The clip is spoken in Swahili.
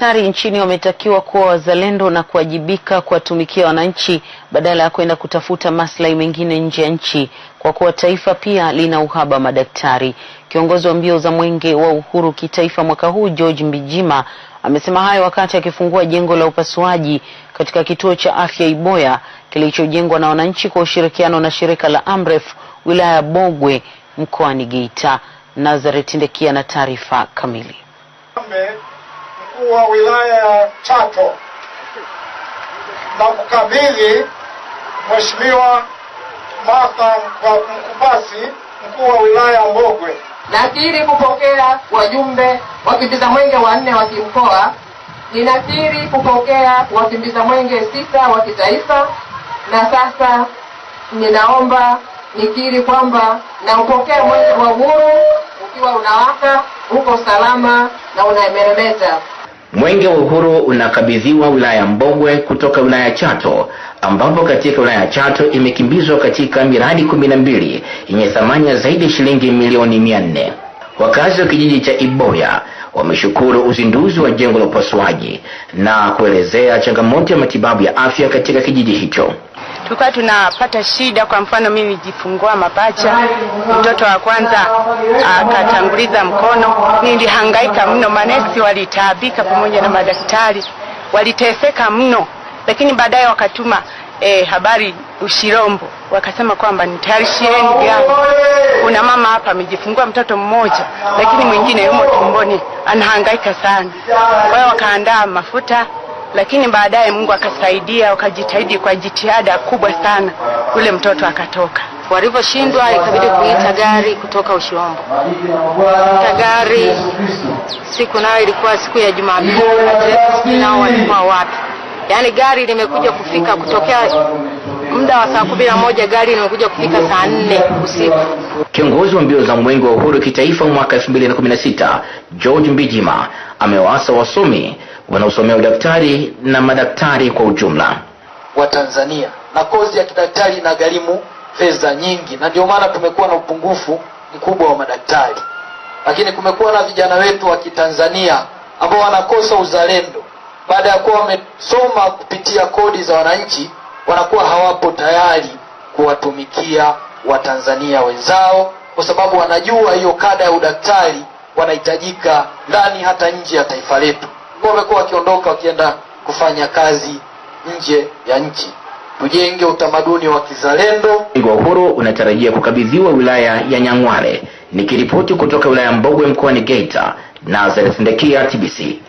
Askari nchini wametakiwa kuwa wazalendo na kuwajibika kuwatumikia wananchi badala ya kwenda kutafuta maslahi mengine nje ya nchi kwa kuwa taifa pia lina uhaba madaktari. Kiongozi wa mbio za Mwenge wa Uhuru kitaifa mwaka huu, George Mbijima amesema hayo wakati akifungua jengo la upasuaji katika kituo cha afya Iboya kilichojengwa na wananchi kwa ushirikiano na shirika la Amref wilaya ya Bogwe mkoani Geita. Nazareth Ndekia na taarifa kamili mkuu wa wilaya ya Chato na kukabidhi Mheshimiwa Martha mkubasi mkuu wa wilaya ya Mbogwe. Nakiri kupokea wajumbe wakimbiza mwenge wanne wa kimkoa. Ninakiri kupokea wakimbiza mwenge sita wa kitaifa, na sasa ninaomba nikiri kwamba naupokea mwenge wa uhuru ukiwa unawaka, uko salama na unameremeta. Mwenge wa Uhuru unakabidhiwa wilaya ya Mbogwe kutoka wilaya ya Chato, ambapo katika wilaya ya Chato imekimbizwa katika miradi kumi na mbili yenye thamani ya zaidi ya shilingi milioni mia nne. Wakazi wa kijiji cha Iboya wameshukuru uzinduzi wa jengo la upasuaji na kuelezea changamoto ya matibabu ya afya katika kijiji hicho tulikuwa tunapata shida. Kwa mfano, mimi nijifungua mapacha, mtoto wa kwanza ah, akatanguliza mkono. Nilihangaika mno, manesi walitaabika pamoja na madaktari waliteseka mno, lakini baadaye wakatuma e, habari Ushirombo, wakasema kwamba ni tayari kuna mama hapa amejifungua mtoto mmoja, lakini mwingine yumo tumboni anahangaika sana. Kwa hiyo wakaandaa mafuta lakini baadaye Mungu akasaidia, wakajitahidi kwa jitihada kubwa sana, ule mtoto akatoka. Walivyoshindwa ikabidi kuita gari kutoka Ushirombo. Ita gari siku nayo ilikuwa siku ya Jumapili, nao walikuwa wapi? Yaani gari limekuja kufika kutokea muda wa saa kumi na moja gari limekuja kufika saa nne usiku. Kiongozi wa mbio za mwenge wa uhuru kitaifa mwaka 2016 George Mbijima amewaasa wasomi wanaosomea udaktari na madaktari kwa ujumla wa Tanzania, na kozi ya kidaktari inagharimu fedha nyingi, na ndio maana tumekuwa na upungufu mkubwa wa madaktari. Lakini kumekuwa na vijana wetu wa Kitanzania ambao wanakosa uzalendo, baada ya kuwa wamesoma kupitia kodi za wananchi, wanakuwa hawapo tayari kuwatumikia Watanzania wenzao, kwa sababu wanajua hiyo kada ya udaktari wanahitajika ndani hata nje ya taifa letu ambao wamekuwa wakiondoka wakienda kufanya kazi nje ya nchi. Tujenge utamaduni wa kizalendo. Uhuru unatarajia kukabidhiwa wilaya ya Nyang'hwale. Nikiripoti kutoka wilaya Mbogwe mkoani Geita, Nazareth Ndekia, TBC.